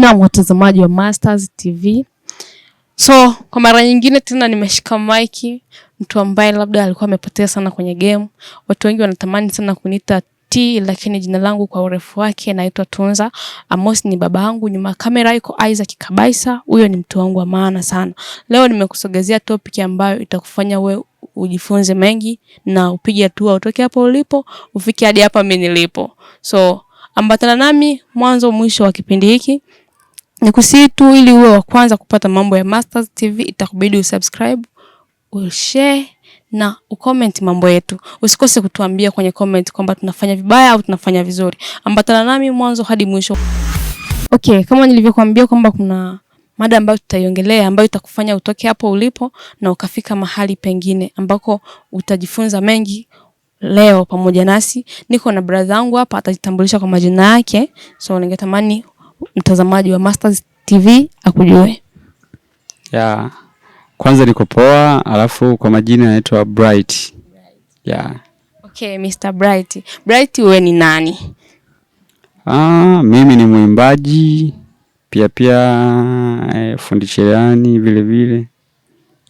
na watazamaji wa Mastaz TV. So kwa mara nyingine tena nimeshika maiki, mtu ambaye labda alikuwa amepotea sana kwenye game. Watu wengi wanatamani sana kuniita T, lakini jina langu kwa urefu wake naitwa Tunza Amos. Ni baba yangu, nyuma kamera iko Isaac Kabaisa. Huyo ni mtu wangu wa maana sana. Leo nimekusogezea topic ambayo itakufanya we ujifunze mengi na upige hatua utoke hapo ulipo ufike hadi hapa mimi nilipo. So ambatana nami mwanzo mwisho wa kipindi hiki Nikusihi tu ili uwe wa kwanza kupata mambo ya Mastaz TV, itakubidi usubscribe, ushare na ucomment mambo yetu. Usikose kutuambia kwenye comment kwamba tunafanya vibaya au tunafanya vizuri. Ambatana nami mwanzo hadi mwisho. Okay, kama nilivyokuambia kwamba kuna mada ambayo tutaiongelea ambayo itakufanya utoke hapo ulipo na ukafika mahali pengine ambako utajifunza mengi. Leo pamoja nasi niko na brother wangu hapa, atajitambulisha kwa majina yake, so ningetamani mtazamaji wa Mastaz TV akujue. Yeah. Kwanza niko poa, alafu kwa majina anaitwa Bright. Yeah. Okay, Mr. Bright. Bright wewe ni nani? Ah, mimi ni mwimbaji pia pia eh, fundi cherehani vile vile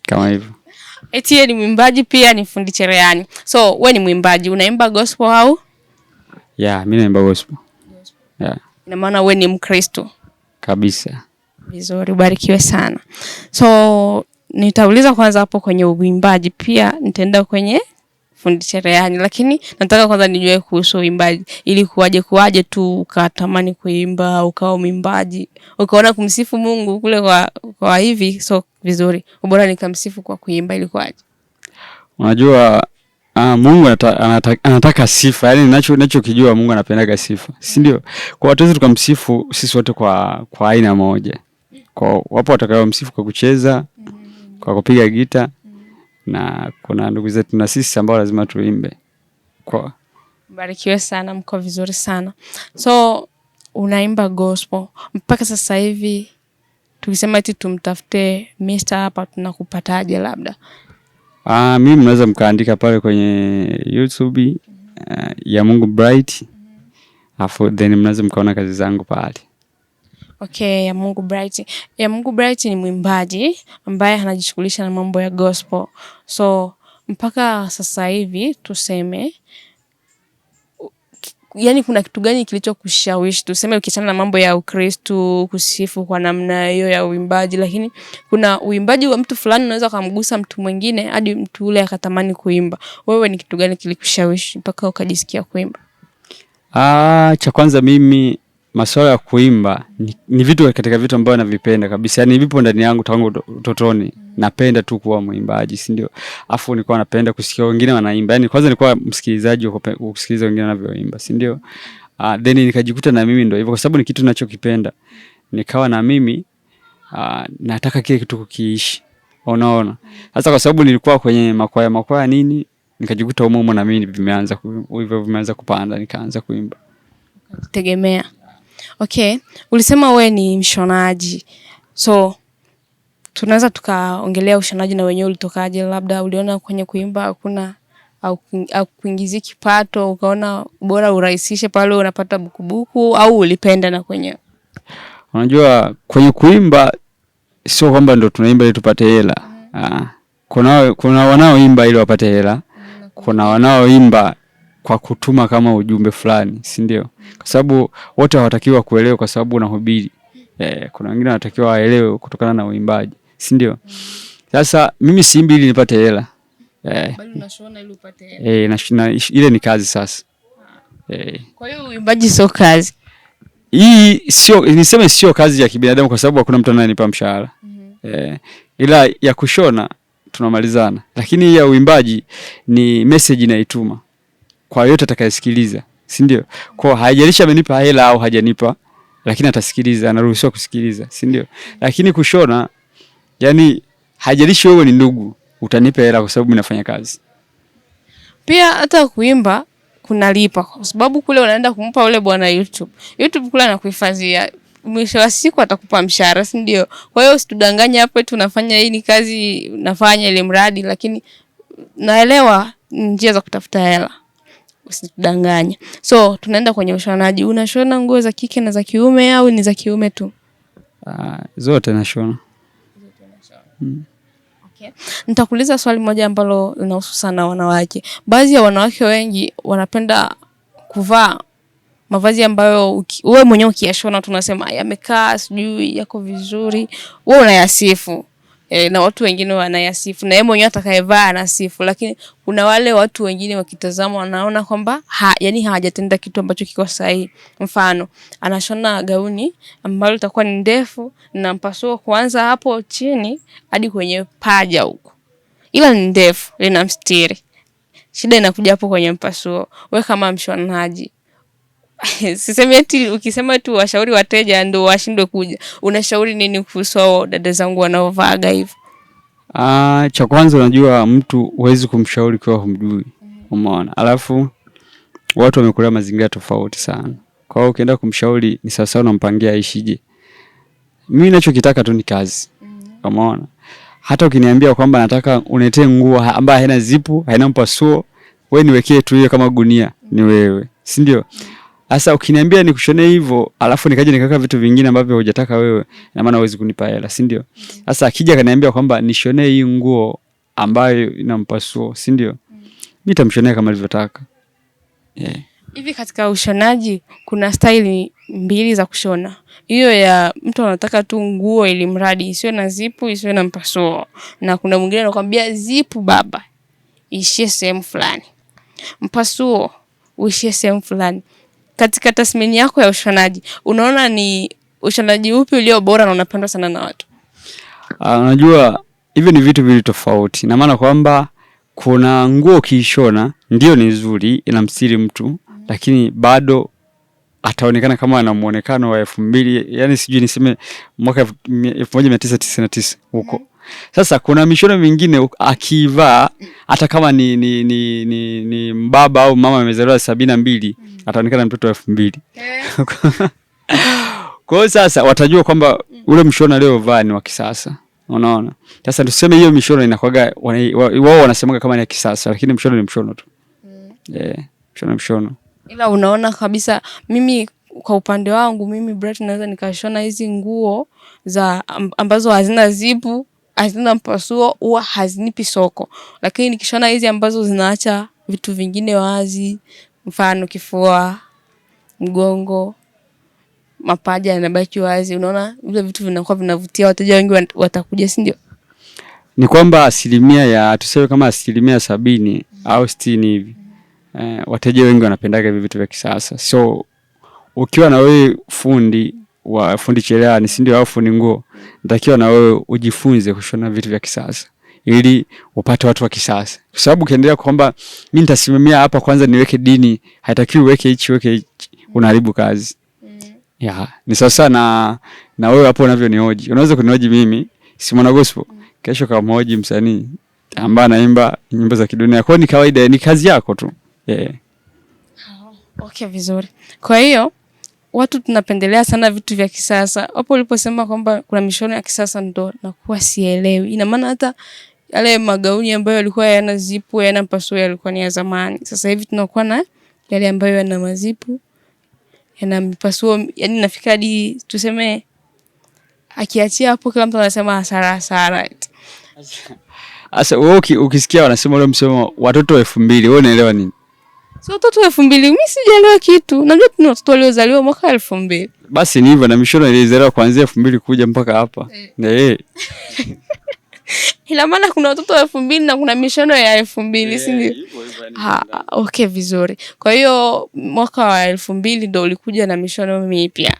kama hivyo. Eti ni mwimbaji pia ni fundi cherehani. So wewe ni mwimbaji, unaimba gospel au? Yeah, mimi naimba gospel. Yeah. Ina maana wewe ni Mkristo kabisa. Vizuri, ubarikiwe sana. So nitauliza kwanza hapo kwenye uimbaji, pia nitaenda kwenye fundi cherehani, lakini nataka kwanza nijue kuhusu uimbaji, ili kuwaje kuwaje tu ukatamani kuimba ukawa mwimbaji ukaona kumsifu Mungu kule kwa, kwa hivi. So vizuri, ubora nikamsifu kwa kuimba, ili kuwaje? Unajua Ah, Mungu anata, anataka sifa. Yaani nacho nachokijua Mungu anapendaga sifa. Si ndio? Kwa watu tukamsifu sisi wote kwa kwa aina moja. Kwa wapo watakao msifu kwa kucheza, kwa kupiga gita na kuna ndugu zetu na sisi ambao lazima tuimbe. Kwa Barikiwe sana, mko vizuri sana. So unaimba gospel mpaka sasa hivi, tukisema eti tumtafute Mr hapa tunakupataje labda? Ah, mimi mnaweza mkaandika pale kwenye YouTube uh, ya Mungu Bright. Afu then mnaweza mkaona kazi zangu pale. Okay, ya Mungu Bright. Ya Mungu Bright ni mwimbaji ambaye anajishughulisha na mambo ya gospel. So mpaka sasa hivi tuseme yani kuna kitu gani kilichokushawishi? Tuseme ukiachana na mambo ya Ukristo, kusifu kwa namna hiyo ya uimbaji, lakini kuna uimbaji wa mtu fulani unaweza ukamgusa mtu mwingine hadi mtu ule akatamani kuimba. Wewe ni kitu gani kilikushawishi mpaka ukajisikia kuimba? Ah, cha kwanza mimi masuala ya kuimba ni, ni vitu katika vitu ambavyo navipenda kabisa, yani vipo ndani yangu tangu utotoni. Napenda tu kuwa mwimbaji, si ndio? Afu nilikuwa napenda kusikia wengine wanaimba, yani kwanza nilikuwa msikilizaji wa kusikiliza wengine wanavyoimba, si ndio? Uh, then nikajikuta na mimi ndio hivyo, kwa sababu ni kitu ninachokipenda, nikawa na mimi uh, nataka kile kitu kukiishi, unaona. Sasa kwa sababu nilikuwa kwenye makwaya makwaya nini, nikajikuta umo umo na mimi vimeanza hivyo, vimeanza kupanda, nikaanza kuimba, tegemea Okay, ulisema we ni mshonaji, so tunaweza tukaongelea ushonaji na wenyewe ulitokaje? Labda uliona kwenye kuimba hakuna au, kuingizia kipato ukaona bora urahisishe pale unapata bukubuku, au ulipenda na kwenye Unajua, kwenye kuimba sio kwamba ndo tunaimba ili tupate hela. Mm. Ah, kuna, kuna wanaoimba ili wapate hela, mm. kuna wanaoimba kwa kutuma kama ujumbe fulani, si ndio? Kwa sababu wote hawatakiwa kuelewa, kwa sababu unahubiri eh, kuna wengine wanatakiwa waelewe kutokana na uimbaji, si ndio? Sasa mimi siimbi ili nipate hela eh, bali unashona ili upate hela eh, ile ni kazi sasa. Ah. Eh, kwa hiyo uimbaji sio kazi hii, sio niseme, sio kazi ya kibinadamu, kwa sababu hakuna mtu anayenipa mshahara mhm. eh, ila ya kushona tunamalizana, lakini ya uimbaji ni message inaituma kwa yote atakayesikiliza, si ndio? Kwa haijalishi amenipa hela au hajanipa, lakini atasikiliza, anaruhusiwa kusikiliza, si ndio? Lakini kushona, yani haijalishi wewe ni ndugu, utanipa hela kwa sababu ninafanya kazi. Pia hata kuimba kunalipa, kwa sababu kule unaenda kumpa ule bwana YouTube. YouTube kule anakuhifadhia mwisho wa siku atakupa mshahara, si ndio? Kwa hiyo usitudanganye hapo tu unafanya hii ni kazi unafanya ile mradi, lakini naelewa njia za kutafuta hela usitudanganye. So tunaenda kwenye ushonaji, unashona nguo za kike na za kiume au ni za kiume tu? Uh, zote nashona. Hmm. Okay. Nitakuuliza swali moja ambalo linahusu sana wanawake. Baadhi ya wanawake wengi wanapenda kuvaa mavazi ambayo wewe mwenyewe ukiyashona tunasema yamekaa, sijui yako vizuri, wewe unayasifu e, na watu wengine wanayasifu na yeye mwenyewe atakayevaa anasifu, lakini kuna wale watu wengine wakitazama wanaona kwamba ha, yani hawajatenda kitu ambacho kiko sahihi. Mfano, anashona gauni ambalo litakuwa ni ndefu na mpasuo kuanza hapo chini hadi kwenye paja huko, ila ni ndefu, lina mstiri. Shida inakuja hapo kwenye mpasuo. We kama mshonaji sisemi ati ukisema tu washauri wateja ndo washindwe kuja. Unashauri nini kuhusu hao dada zangu wanaovaaga hivyo? Ah, cha kwanza, unajua mtu huwezi kumshauri kwa humjui, mm-hmm. umeona. Alafu watu wamekulea mazingira tofauti sana, kwa hiyo ukienda kumshauri ni sawasawa unampangia aishije. Mimi ninachokitaka tu ni kazi, mm-hmm. umeona. Hata ukiniambia kwamba nataka unetee nguo ambayo haina zipu haina mpasuo, wewe niwekee tu hiyo kama gunia, ni mm-hmm. wewe, si ndio? mm -hmm. Sasa ukiniambia nikushonee hivyo, alafu nikaje nikaweka vitu vingine ambavyo hujataka wewe, na maana huwezi kunipa hela, si ndio? Mm. Sasa akija kaniambia kwamba nishone hii nguo ambayo ina mpasuo, si ndio? Mimi mm. tamshonea kama alivyotaka. Yeah. Hivi katika ushonaji kuna staili mbili za kushona, hiyo ya mtu anataka tu nguo ili mradi isiwe na zipu isiwe na mpasuo, na kuna mwingine anakuambia zipu baba, ishie sehemu fulani, mpasuo uishie sehemu fulani katika tasmini yako ya ushonaji, unaona ni ushonaji upi ulio bora na unapendwa sana na watu? Unajua ah, hivyo ni vitu vili tofauti, na maana kwamba kuna nguo ukiishona ndio ni nzuri, inamstiri mtu, lakini bado ataonekana kama ana muonekano wa elfu mbili yani sijui niseme mwaka elfu moja mia tisa tisini na tisa huko mm -hmm. Sasa kuna mishono mingine akiivaa mm. hata kama ni, ni, ni, ni, ni mbaba au mama amezaliwa sabini na mbili mm ataonekana mtoto wa elfu mbili eh. kwa hiyo sasa watajua kwamba mm. ule mshono aliovaa ni wa kisasa. Unaona, sasa tuseme hiyo mishono inakwaga wao wanasemaga kama ni ya kisasa, lakini mshono ni mshono tu mm. Yeah, mshono mshono, ila unaona kabisa. Mimi kwa upande wangu mimi Bright naweza nikashona hizi nguo za ambazo hazina zipu hazina mpasuo huwa hazinipi soko, lakini nikishona hizi ambazo zinaacha vitu vingine wazi, mfano kifua, mgongo, mapaja yanabaki wazi, unaona vile vitu vinakuwa vinavutia, wateja wengi watakuja, si ndio? Ni kwamba asilimia ya tuseme kama asilimia sabini mm -hmm. au sitini hivi eh, wateja wengi wanapendaga hivi vitu vya kisasa, so ukiwa na wewe fundi wa fundi cherehani, si ndio? Au fundi nguo, natakiwa na wewe ujifunze kushona vitu vya kisasa ili upate watu wa kisasa, kwa sababu ukiendelea kwamba mimi nitasimamia hapa kwanza niweke dini, haitakiwi uweke hichi weke hichi, unaharibu kazi. mm. Ya, ni sasa na na wewe hapo unavyonihoji. Unaweza kunihoji mimi si mwana gospel, mm. kesho kamhoji msanii ambaye anaimba nyimbo za kidunia. Kwa ni kawaida, ni kazi yako tu. Yeah. Ah, okay, vizuri. Kwa hiyo watu tunapendelea sana vitu vya kisasa. Hapo uliposema kwamba kuna mishono ya kisasa, ndo nakuwa sielewi. Ina maana hata yale magauni ambayo yalikuwa yana zipu yana pasuo yalikuwa ni ya zamani. Sasa hivi tunakuwa na yale ambayo yana mazipu yana mipasuo, yani nafika hadi tuseme, akiachia hapo, kila mtu anasema sara sara. Sasa wewe ukisikia wanasema ule msemo watoto elfu mbili, wewe unaelewa nini? si watoto elfu mbili mi sijaelewa kitu. Najua ni watoto waliozaliwa mwaka elfu mbili basi ni hivyo, na mishono ilizaliwa kuanzia elfu mbili kuja mpaka hapa eh. Ila eh. maana kuna watoto wa elfu mbili na kuna mishono ya elfu mbili yeah, si ndio? Eh, okay, vizuri. Kwa hiyo mwaka wa elfu mbili ndo ulikuja na mishono mipya.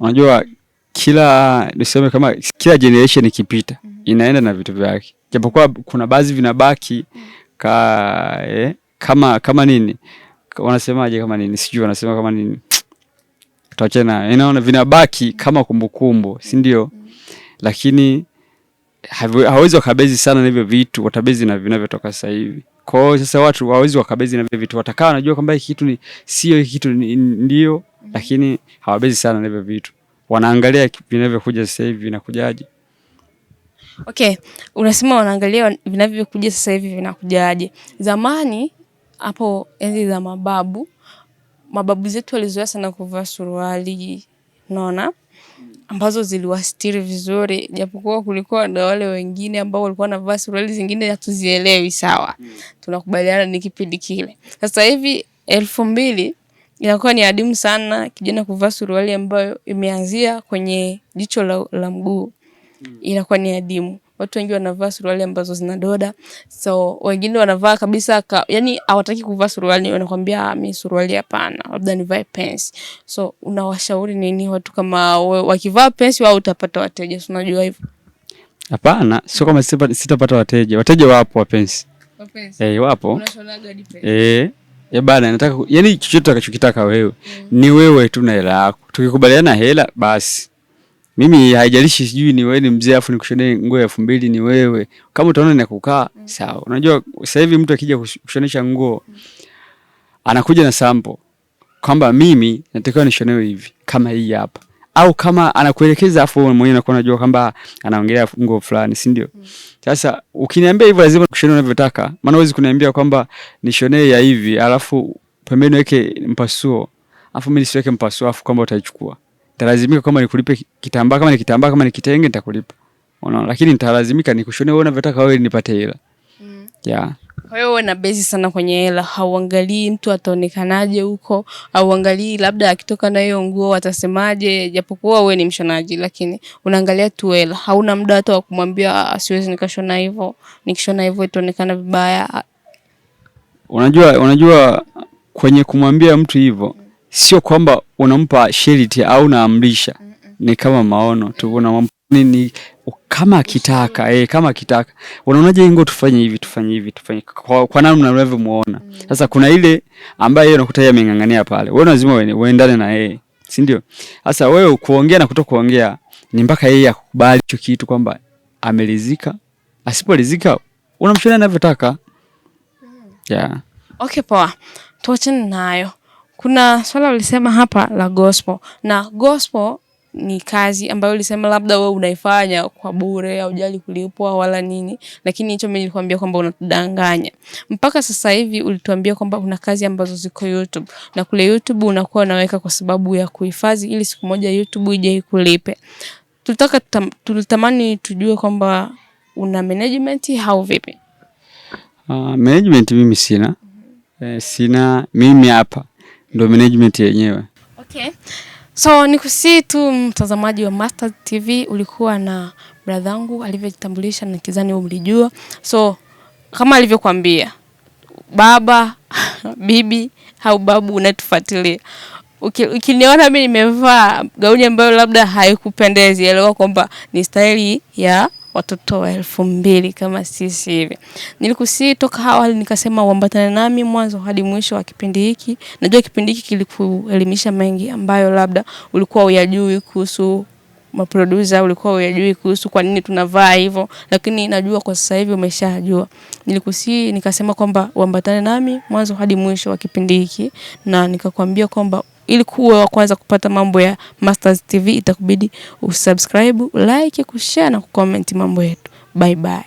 Unajua kila niseme kama kila generation ikipita, mm -hmm. inaenda na vitu vyake, japokuwa kuna baadhi vinabaki mm-hmm. ka eh, kama kama nini wanasemaje, kama nini sijui, wanasema kama nini, na inaona, yaani vinabaki kama kumbukumbu, si ndio? Lakini hawezi wakabezi sana na hivyo vitu, watabezi na vinavyotoka sasa hivi. Kwa hiyo sasa watu hawezi wakabezi na hivyo vitu, watakaa wanajua kwamba hiki kitu ni sio, hiki kitu ndio, lakini hawabezi sana na hivyo vitu, wanaangalia vinavyokuja sasa hivi vinakujaje. Okay, unasema wanaangalia vinavyokuja sasa hivi vinakujaje. Zamani hapo enzi za mababu, mababu zetu walizoea sana kuvaa suruali, naona ambazo ziliwastiri vizuri, japokuwa kulikuwa na wale wengine ambao walikuwa wanavaa suruali zingine hatuzielewi. Sawa, tunakubaliana ni kipindi kile. Sasa hivi elfu mbili inakuwa ni adimu sana kijana kuvaa suruali ambayo imeanzia kwenye jicho la, la mguu, inakuwa ni adimu watu wengi wanavaa suruali ambazo zina doda, so wengine wanavaa kabisa ka, yani hawataki kuvaa suruali, wanakwambia ah, mi suruali hapana, labda nivae pants. So unawashauri nini watu kama we, wakivaa pants wao utapata wateja, si unajua hivyo? Hapana, sio kama sitapata wateja, wateja wapo wa pants. Eh, wapo eh, ya bana, nataka yani chochote utakachokitaka wewe mm. ni wewe tu na hela yako, tukikubaliana hela basi mimi haijalishi sijui ni wewe ni mzee afu nikushonee nguo ya elfu mbili ni wewe. Kama utaona ni kukaa mm. sawa. Unajua sasa hivi mtu akija kushonesha nguo mm. anakuja na sample kwamba mimi natakiwa nishonewe hivi kama hii hapa. Au kama anakuelekeza afu wewe mwenyewe anakuwa anajua kwamba anaongelea nguo fulani, si ndio? Mm. Sasa ukiniambia hivyo lazima kushonee unavyotaka. Maana huwezi kuniambia kwamba nishonee ya hivi alafu pembeni weke mpasuo. Afu mimi nisiweke mpasuo afu kwamba utaichukua nitalazimika kama nikulipe kitambaa, kama ni kitambaa, kama ni kitenge nitakulipa. Unaona, lakini nitalazimika nikushone wewe unavyotaka wewe, nipate hela. Mm. Yeah. Kwa hiyo wewe na bezi sana kwenye hela, hauangalii mtu ataonekanaje huko, hauangalii labda akitoka na hiyo nguo watasemaje, japokuwa wewe ni mshonaji, lakini unaangalia tu hela. Hauna muda hata wa kumwambia asiwezi ah, nikashona hivyo, nikishona hivyo itaonekana vibaya. Unajua, unajua kwenye kumwambia mtu hivyo sio kwamba unampa shiriti au unaamrisha mm -mm. Ni kama maono tu unampa nini kama akitaka eh, kama akitaka, unaonaje ingo tufanye hivi tufanye hivi tufanye kwa, kwa namna unavyomuona mm. Sasa kuna ile ambaye yeye anakuta yeye ameng'ang'ania pale, wewe lazima uendane na yeye, si ndio? Sasa wewe kuongea na kuongea ni mpaka yeye akubali hicho kitu kwamba amelizika, asipolizika unamshauri anavyotaka. mm. yeah. Okay, poa, tuachane nayo kuna swala ulisema hapa la gospel, na gospel ni kazi ambayo ulisema labda wewe unaifanya kwa bure, haujali kulipwa wala nini, lakini hicho mimi nilikwambia kwamba unatudanganya. Mpaka sasa hivi ulituambia kwamba kuna kazi ambazo ziko YouTube na kule YouTube unakuwa unaweka kwa sababu ya kuhifadhi, ili siku moja YouTube ije ikulipe. Tulitaka tulitamani tujue kwamba una management au vipi? Uh, management mimi sina, eh, sina mimi hapa ndo management yenyewe. Okay. So ni kusi tu mtazamaji wa Mastaz TV, ulikuwa na wangu alivyojitambulisha, na kizani wewe mlijua. So kama alivyokuambia baba bibi au babu unatufuatilia ukiniona mimi nimevaa gauni ambayo labda haikupendezi, elewa kwamba ni staili ya watoto wa elfu mbili kama sisi hivi. Nilikusii toka awali nikasema uambatane nami mwanzo hadi mwisho wa kipindi hiki. Najua kipindi hiki kilikuelimisha mengi ambayo labda ulikuwa uyajui kuhusu maproducer, ulikuwa uyajui kuhusu kwa nini tunavaa hivyo, lakini najua kwa sasa hivi umeshajua. Nilikusii nikasema kwamba uambatane nami mwanzo hadi mwisho wa kipindi hiki na nikakwambia kwamba ili kuwa wa kwanza kupata mambo ya Mastaz TV itakubidi usubscribe, like, kushare na kucomment mambo yetu. Bye bye.